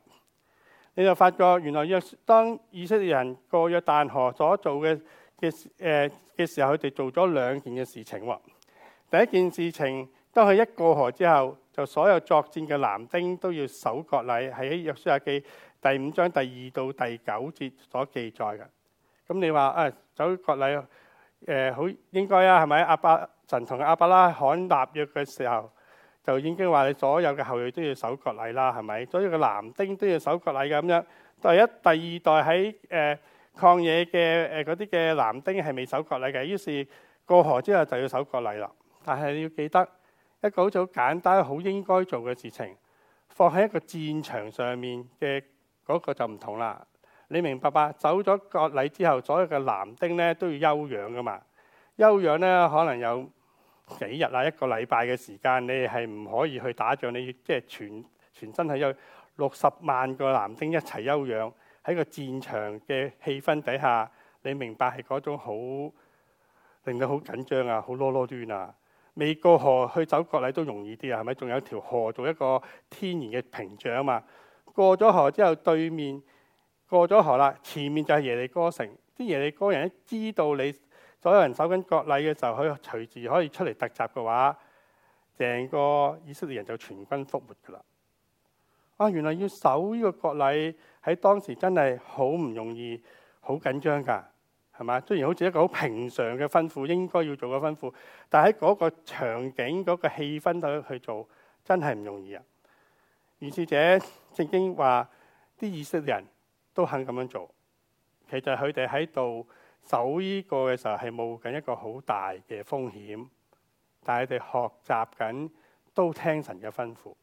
你就發覺原來約當以色列人過約旦河所做嘅嘅誒嘅時候，佢哋做咗兩件嘅事情喎。第一件事情，當佢一過河之後，就所有作戰嘅男丁都要守割禮，係喺約書亞記第五章第二到第九節所記載嘅。咁你話啊，守割禮誒好應該啊，係咪？亞伯神同亞伯拉罕立約嘅時候，就已經話你所有嘅後裔都要守割禮啦，係咪？所有嘅男丁都要守割禮嘅咁樣。第一第二代喺誒曠野嘅誒嗰啲嘅男丁係未守割禮嘅，於是過河之後就要守割禮啦。但係你要記得一個好咁簡單、好應該做嘅事情，放喺一個戰場上面嘅嗰個就唔同啦。你明白吧？走咗割禮之後，所有嘅男丁咧都要休養噶嘛？休養咧可能有幾日啊，一個禮拜嘅時間，你係唔可以去打仗。你即係全全身係有六十萬個男丁一齊休養喺個戰場嘅氣氛底下，你明白係嗰種好令到好緊張啊，好囉囉端啊！未過河去守國禮都容易啲啊，係咪？仲有條河做一個天然嘅屏障啊嘛。過咗河之後，對面過咗河啦，前面就係耶利哥城。啲耶利哥人一知道你所有人守緊國禮嘅時候，佢隨時可以出嚟突襲嘅話，成個以色列人就全軍覆沒㗎啦。啊，原來要守呢個國禮喺當時真係好唔容易，好緊張㗎。係嘛？雖然好似一個好平常嘅吩咐，應該要做嘅吩咐，但係喺嗰個場景、嗰個氣氛度去做，真係唔容易啊！預示者正經話，啲以色列人都肯咁樣做。其實佢哋喺度守呢個嘅時候係冒緊一個好大嘅風險，但係佢哋學習緊都聽神嘅吩咐。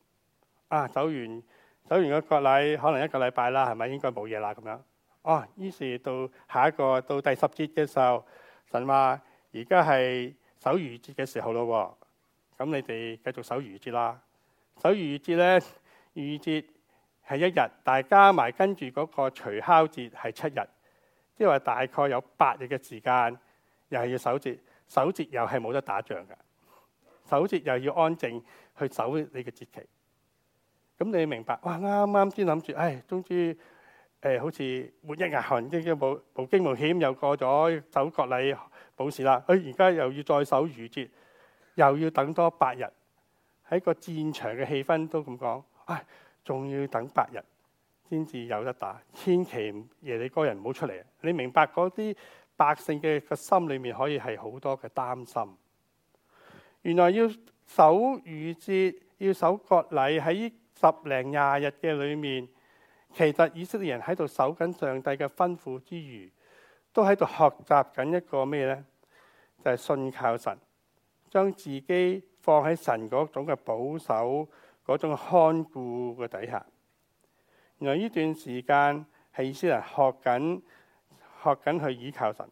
啊，走完走完個國禮，可能一個禮拜啦，係咪應該冇嘢啦咁樣？哦，於是到下一個到第十節嘅時候，神話而家係守逾節嘅時候咯。咁你哋繼續守逾節啦。守逾節咧，逾節係一日，但係加埋跟住嗰個除酵節係七日，即係話大概有八日嘅時間，又係要守節。守節又係冇得打仗嘅，守節又要安靜去守你嘅節期。咁你明白？哇，啱啱先諗住，唉、哎，終於。好似沒一眼雲，即係冇無驚無險，又過咗走國禮保時啦。佢而家又要再守逾節，又要等多八日，喺個戰場嘅氣氛都咁講，唉、哎，仲要等八日先至有得打，千祈耶利哥人唔好出嚟。你明白，嗰啲百姓嘅個心裏面可以係好多嘅擔心。原來要守逾節，要守國禮，喺十零廿日嘅裏面。其實以色列人喺度守緊上帝嘅吩咐之餘，都喺度學習緊一個咩呢？就係、是、信靠神，將自己放喺神嗰種嘅保守、嗰種看顧嘅底下。原來呢段時間係以色列人學緊、學緊去倚靠神，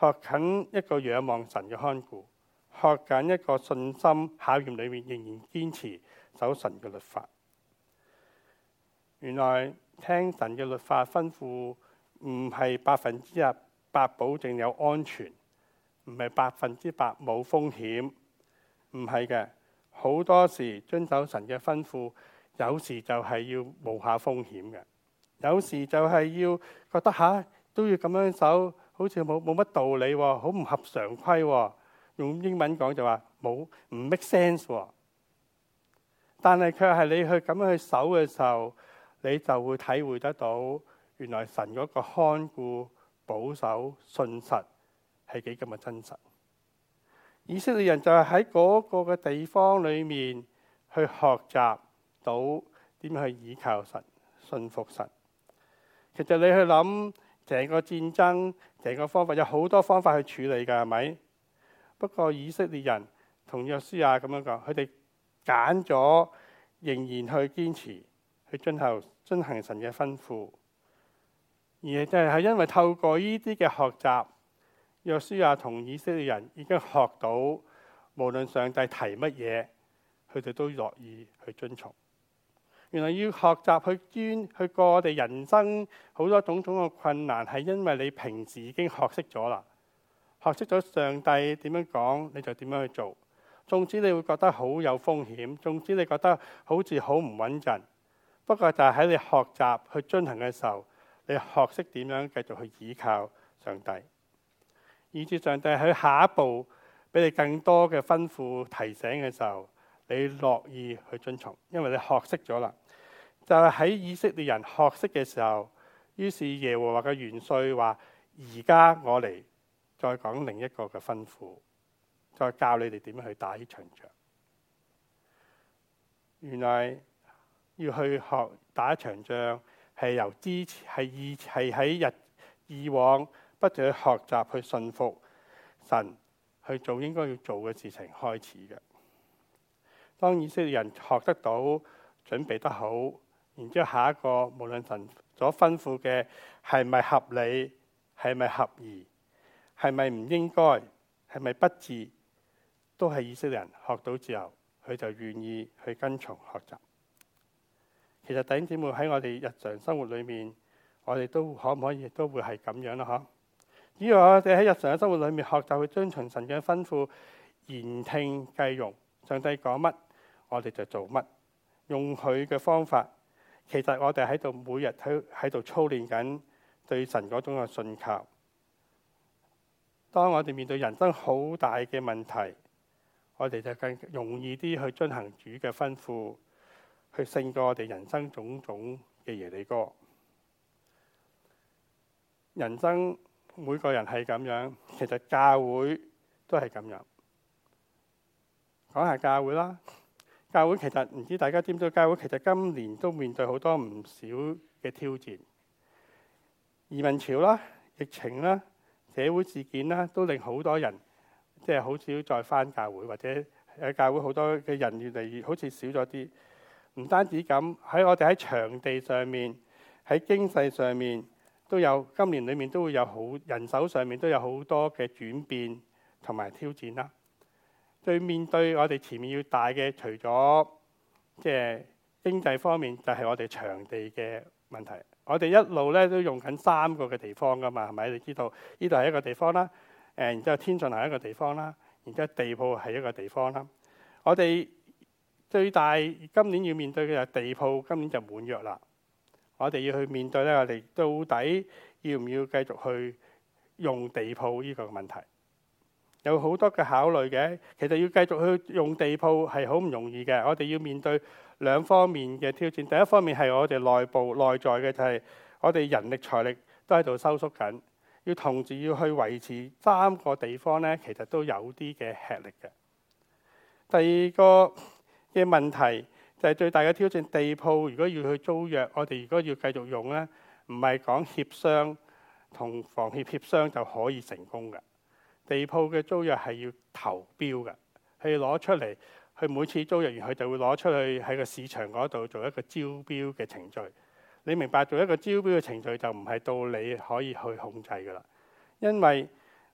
學緊一個仰望神嘅看顧，學緊一個信心考驗裏面仍然堅持守神嘅律法。原來。聽神嘅律法吩咐，唔係百分之一百保證有安全，唔係百分之百冇風險，唔係嘅。好多時遵守神嘅吩咐，有時就係要冒下風險嘅，有時就係要覺得嚇、啊、都要咁樣守，好似冇冇乜道理，好唔合常規。用英文講就話冇唔 make sense、哦。但係卻係你去咁樣去守嘅時候。你就會體會得到，原來神嗰個看顧、保守、信實係幾咁嘅真實。以色列人就係喺嗰個嘅地方裏面去學習到點去倚靠神、信服神。其實你去諗，成個戰爭、成個方法有好多方法去處理㗎，係咪？不過以色列人同約書亞咁樣講，佢哋揀咗，仍然去堅持。去遵守、遵行神嘅吩咐，而係就因為透過呢啲嘅學習，約書亞同以色列人已經學到，無論上帝提乜嘢，佢哋都樂意去遵從。原來要學習去尊去過我哋人生，好多種種嘅困難係因為你平時已經學識咗啦，學識咗上帝點樣講，你就點樣去做。總之你會覺得好有風險，總之你覺得好似好唔穩陣。不過就係喺你學習去遵行嘅時候，你學識點樣繼續去倚靠上帝，以至上帝喺下一步俾你更多嘅吩咐提醒嘅時候，你樂意去遵從，因為你學識咗啦。就係、是、喺以色列人學識嘅時候，於是耶和華嘅元帥話：而家我嚟再講另一個嘅吩咐，再教你哋點樣去打呢場仗。原來。要去學打一場仗，係由之前以係喺日以往不斷去學習，去順服神，去做應該要做嘅事情開始嘅。當以色列人學得到準備得好，然之後下一個無論神所吩咐嘅係咪合理，係咪合宜，係咪唔應該，係咪不智，都係以色列人學到之後，佢就願意去跟從學習。其實弟兄姊妹喺我哋日常生活裏面，我哋都可唔可以都會係咁樣啦？嗬，只要我哋喺日常嘅生活裏面學習去遵從神嘅吩咐，言聽計用，上帝講乜我哋就做乜，用佢嘅方法。其實我哋喺度每日喺喺度操練緊對神嗰種嘅信靠。當我哋面對人生好大嘅問題，我哋就更容易啲去遵行主嘅吩咐。去勝過我哋人生種種嘅耶利哥。人生每個人係咁樣，其實教會都係咁樣。講下教會啦，教會其實唔知大家知唔知？教會其實今年都面對好多唔少嘅挑戰，移民潮啦、疫情啦、社會事件啦，都令好多人即係好少再返教會，或者喺教會好多嘅人越嚟越好似少咗啲。唔單止咁，喺我哋喺場地上面，喺經濟上面都有今年裡面都會有好人手上面都有好多嘅轉變同埋挑戰啦。對面對我哋前面要大嘅，除咗即係經濟方面，就係我哋場地嘅問題。我哋一路咧都用緊三個嘅地方噶嘛，係咪？你知道呢度係一個地方啦，誒，然之後天津係一個地方啦，然之後地鋪係一個地方啦。我哋。最大今年要面對嘅就係地鋪，今年就滿約啦。我哋要去面對咧，我哋到底要唔要繼續去用地鋪呢個問題？有好多嘅考慮嘅。其實要繼續去用地鋪係好唔容易嘅。我哋要面對兩方面嘅挑戰。第一方面係我哋內部內在嘅，就係我哋人力財力都喺度收縮緊，要同時要去維持三個地方呢，其實都有啲嘅吃力嘅。第二個嘅問題就係最大嘅挑戰地鋪。如果要去租約，我哋如果要繼續用咧，唔係講協商同房協協商就可以成功嘅。地鋪嘅租約係要投標嘅，佢攞出嚟。佢每次租約完，佢就會攞出去喺個市場嗰度做一個招標嘅程序。你明白做一個招標嘅程序就唔係到你可以去控制噶啦，因為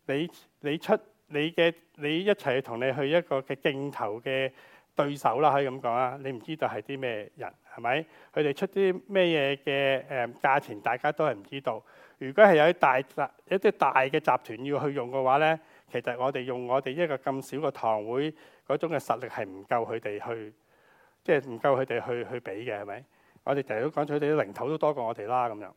你你出你嘅你一齊同你去一個嘅競投嘅。對手啦，可以咁講啊。你唔知道係啲咩人係咪？佢哋出啲咩嘢嘅誒價錢，大家都係唔知道。如果係有啲大，大集一啲大嘅集團要去用嘅話咧，其實我哋用我哋一個咁少嘅堂會嗰種嘅實力係唔夠佢哋去，即係唔夠佢哋去去比嘅係咪？我哋成日都講出，佢哋啲零頭都多過我哋啦。咁樣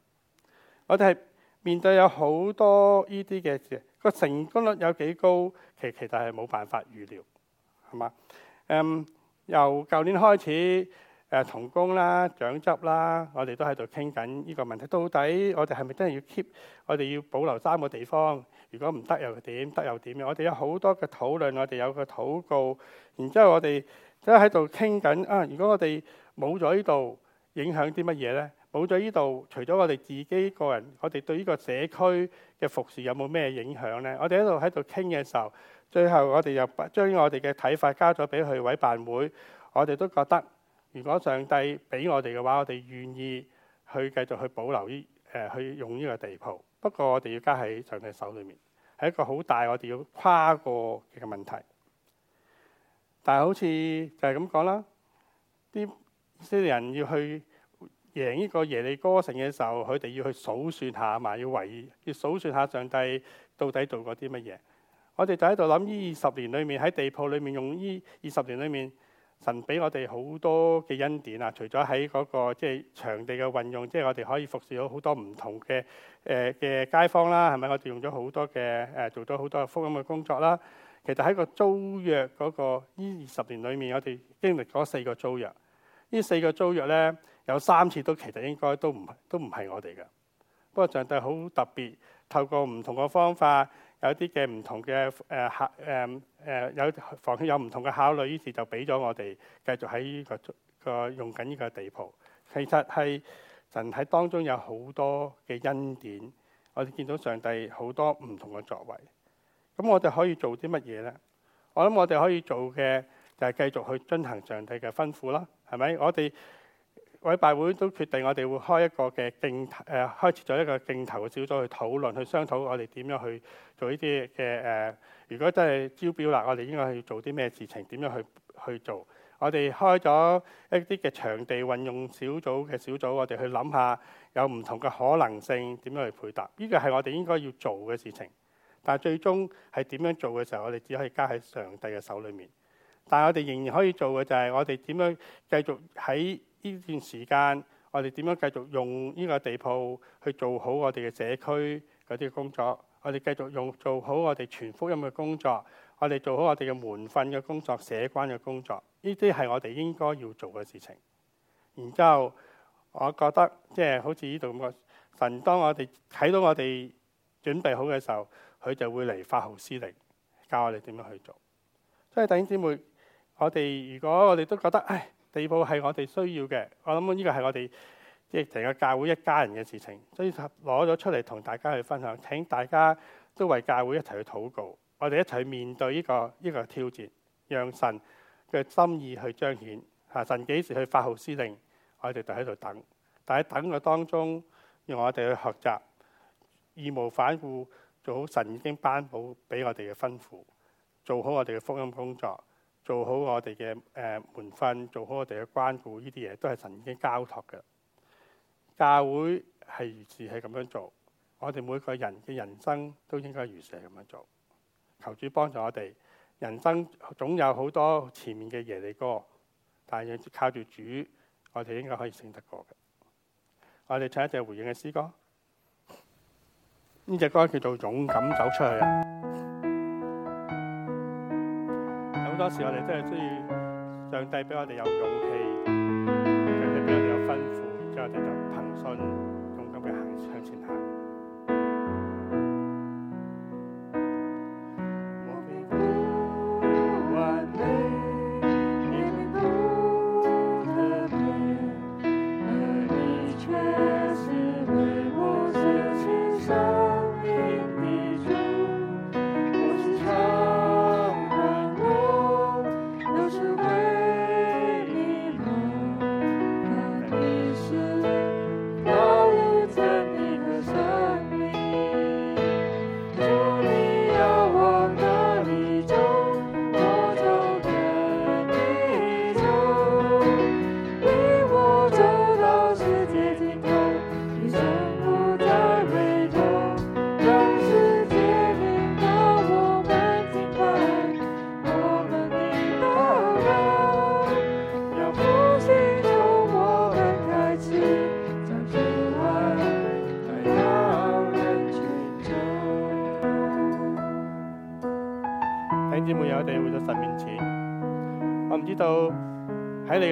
我哋係面對有好多呢啲嘅事，個成功率有幾高？其實其實係冇辦法預料係嘛。嗯，由舊年開始，誒同工啦、長執啦，我哋都喺度傾緊呢個問題。到底我哋係咪真係要 keep？我哋要保留三個地方。如果唔得又點？得又點？我哋有好多嘅討論，我哋有個禱告，然之後我哋都喺度傾緊啊，如果我哋冇咗呢度，影響啲乜嘢咧？冇咗呢度，除咗我哋自己個人，我哋對呢個社區嘅服侍有冇咩影響咧？我哋喺度喺度傾嘅時候。最後我哋又將我哋嘅睇法交咗俾佢委辦會，我哋都覺得，如果上帝俾我哋嘅話，我哋願意去繼續去保留呢、呃、去用呢個地鋪。不過我哋要加喺上帝手裏面，係一個好大我哋要跨過嘅問題。但好似就係咁講啦，啲以色列人要去贏呢個耶利哥城嘅時候，佢哋要去數算下嘛，要維要數算下上帝到底做過啲乜嘢。我哋就喺度諗呢二十年裏面，喺地鋪裏面用呢二十年裏面，神俾我哋好多嘅恩典啊！除咗喺嗰個即係場地嘅運用，即係我哋可以服侍到好多唔同嘅誒嘅街坊啦，係咪？我哋用咗好多嘅誒、呃，做咗好多福音嘅工作啦。其實喺個租約嗰、那個呢二十年裏面，我哋經歷咗四個租約，呢四個租約咧有三次都其實應該都唔係都唔係我哋嘅。不過上帝好特別，透過唔同嘅方法。有啲嘅唔同嘅誒客誒誒有房有唔同嘅考慮，於是就俾咗我哋繼續喺呢個個用緊呢個地鋪。其實係神喺當中有好多嘅恩典，我哋見到上帝好多唔同嘅作為。咁我哋可以做啲乜嘢咧？我諗我哋可以做嘅就係繼續去遵行上帝嘅吩咐啦。係咪？我哋。委拜會都決定，我哋會開一個嘅競誒，開設咗一個競投嘅小組去討論，去商討我哋點樣去做呢啲嘅誒。如果真係招標啦，我哋應該去做啲咩事情？點樣去去做？我哋開咗一啲嘅場地運用小組嘅小組，我哋去諗下有唔同嘅可能性點樣去配搭。呢個係我哋應該要做嘅事情，但係最終係點樣做嘅時候，我哋只可以加喺上帝嘅手裏面。但係我哋仍然可以做嘅就係我哋點樣繼續喺。呢段時間，我哋點樣繼續用呢個地鋪去做好我哋嘅社區嗰啲工作？我哋繼續用做好我哋全福音嘅工作，我哋做好我哋嘅門訓嘅工作、社關嘅工作。呢啲係我哋應該要做嘅事情。然之後，我覺得即係好似呢度咁講，神當我哋睇到我哋準備好嘅時候，佢就會嚟發號施令，教我哋點樣去做。所以弟兄姊妹，我哋如果我哋都覺得唉。地步係我哋需要嘅，我諗呢個係我哋即係成個教會一家人嘅事情，所以攞咗出嚟同大家去分享，請大家都為教會一齊去禱告，我哋一齊面對呢個呢個挑戰，讓神嘅心意去彰顯。吓，神幾時去發號施令，我哋就喺度等。但係等嘅當中，要我哋去學習，義無反顧做好神已經頒布俾我哋嘅吩咐，做好我哋嘅福音工作。做好我哋嘅誒門訓，做好我哋嘅關顧這些，呢啲嘢都係神已經交託嘅。教會係如是，係咁樣做。我哋每個人嘅人生都應該如是咁樣做。求主幫助我哋，人生總有好多前面嘅耶利哥，但係靠住主，我哋應該可以勝得過嘅。我哋唱一隻回應嘅詩歌，呢隻歌叫做《勇敢走出去》啊。好多時候，我哋都係需要上帝俾我哋有勇氣，上帝俾我哋有吩咐，而家我哋就憑信勇敢咁去向前行。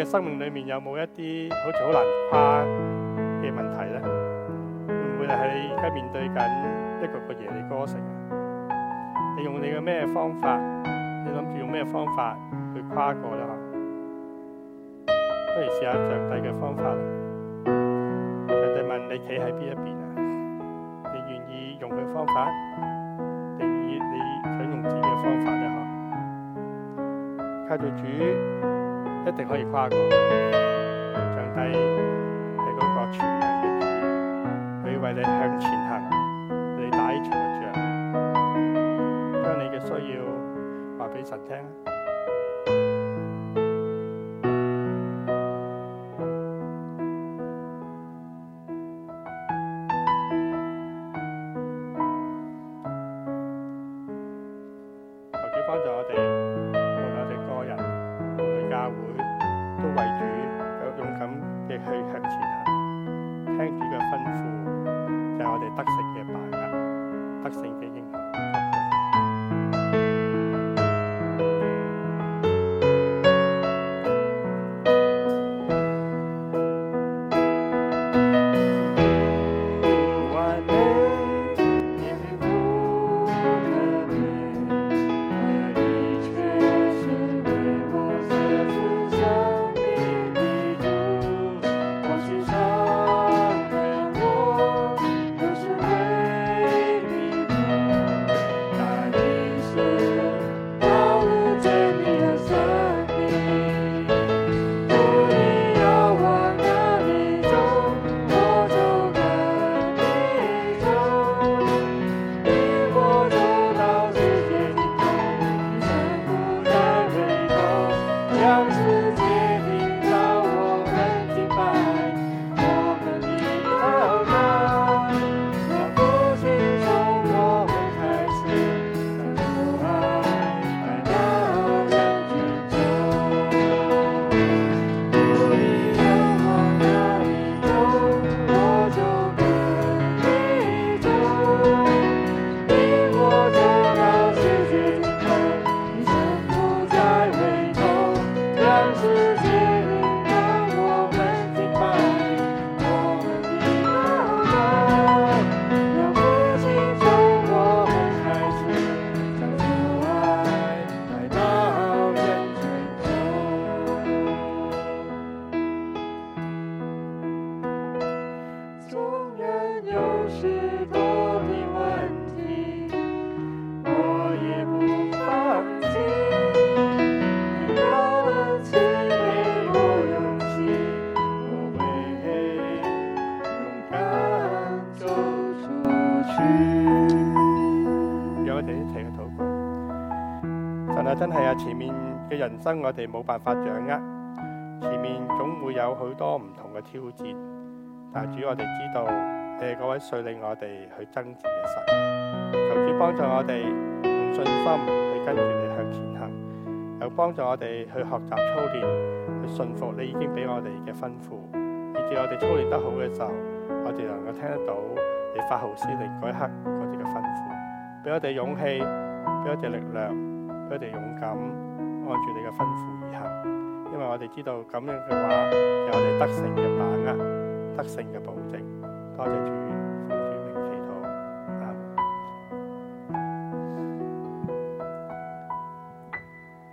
生命裏面有冇一啲好似好難跨嘅問題咧？會唔會係你而家面對緊一個個耶利哥城？你用你嘅咩方法？你諗住用咩方法去跨過咧？嗬？不如試下上帝嘅方法。人哋問你企喺邊一邊啊？你願意用佢方法定以你想用自己嘅方法咧？嗬？靠住主。一定可以跨過嘅，上帝係嗰個全能嘅主，佢為你向前行，你打呢場嘅仗，將你嘅需要話俾神聽啊！求主幫助我哋。去向前行，聽住佢吩咐，就係我哋得勝嘅辦法，得勝嘅。人生我哋冇辦法掌握，前面總會有許多唔同嘅挑戰。但係主，我哋知道，你係嗰位率領我哋去爭戰嘅神，求主幫助我哋用信心去跟住你向前行，又幫助我哋去學習操練，去信服你已經俾我哋嘅吩咐。而至我哋操練得好嘅時候，我哋能夠聽得到你發號施令嗰一刻嗰啲嘅吩咐，俾我哋勇氣，俾我哋力量，俾我哋勇敢。按住你嘅吩咐而行，因為我哋知道咁樣嘅話，有我哋得勝嘅把握，得勝嘅保證。多謝主。